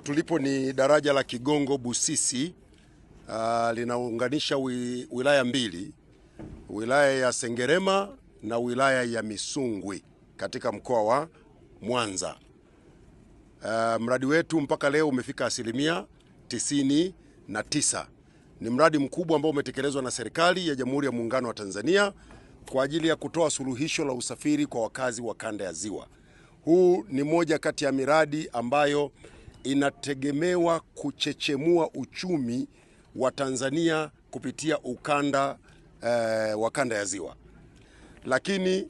Hapa tulipo ni daraja la Kigongo Busisi. Uh, linaunganisha wi, wilaya mbili, wilaya ya Sengerema na wilaya ya Misungwi katika mkoa wa Mwanza. Uh, mradi wetu mpaka leo umefika asilimia tisini na tisa. Ni mradi mkubwa ambao umetekelezwa na serikali ya Jamhuri ya Muungano wa Tanzania kwa ajili ya kutoa suluhisho la usafiri kwa wakazi wa kanda ya Ziwa. Huu ni moja kati ya miradi ambayo inategemewa kuchechemua uchumi wa Tanzania kupitia ukanda eh, wa kanda ya Ziwa, lakini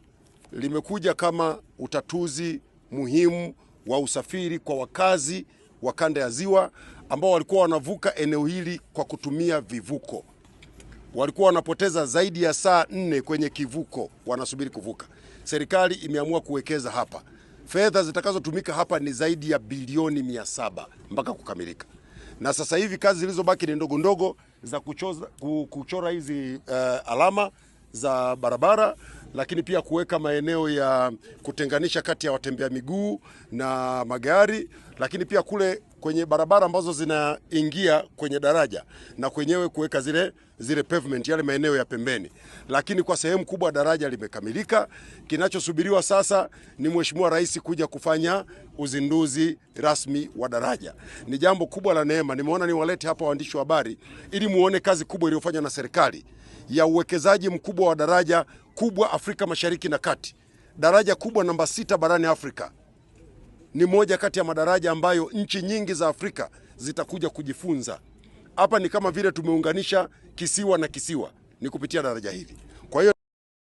limekuja kama utatuzi muhimu wa usafiri kwa wakazi wa kanda ya Ziwa ambao walikuwa wanavuka eneo hili kwa kutumia vivuko. Walikuwa wanapoteza zaidi ya saa nne kwenye kivuko wanasubiri kuvuka. Serikali imeamua kuwekeza hapa fedha zitakazotumika hapa ni zaidi ya bilioni mia saba mpaka kukamilika, na sasa hivi kazi zilizobaki ni ndogo ndogo za kuchoza, kuchora hizi uh, alama za barabara lakini pia kuweka maeneo ya kutenganisha kati ya watembea miguu na magari, lakini pia kule kwenye barabara ambazo zinaingia kwenye daraja na kwenyewe kuweka zile zile pavement yale maeneo ya pembeni, lakini kwa sehemu kubwa daraja limekamilika. Kinachosubiriwa sasa ni Mheshimiwa Rais kuja kufanya uzinduzi rasmi wa daraja. Ni jambo kubwa la neema, nimeona niwalete hapa waandishi wa habari ili muone kazi kubwa iliyofanywa na serikali ya uwekezaji mkubwa wa daraja kubwa Afrika Mashariki na Kati, daraja kubwa namba sita barani Afrika ni moja kati ya madaraja ambayo nchi nyingi za Afrika zitakuja kujifunza. Hapa ni kama vile tumeunganisha kisiwa na kisiwa, ni kupitia daraja hili.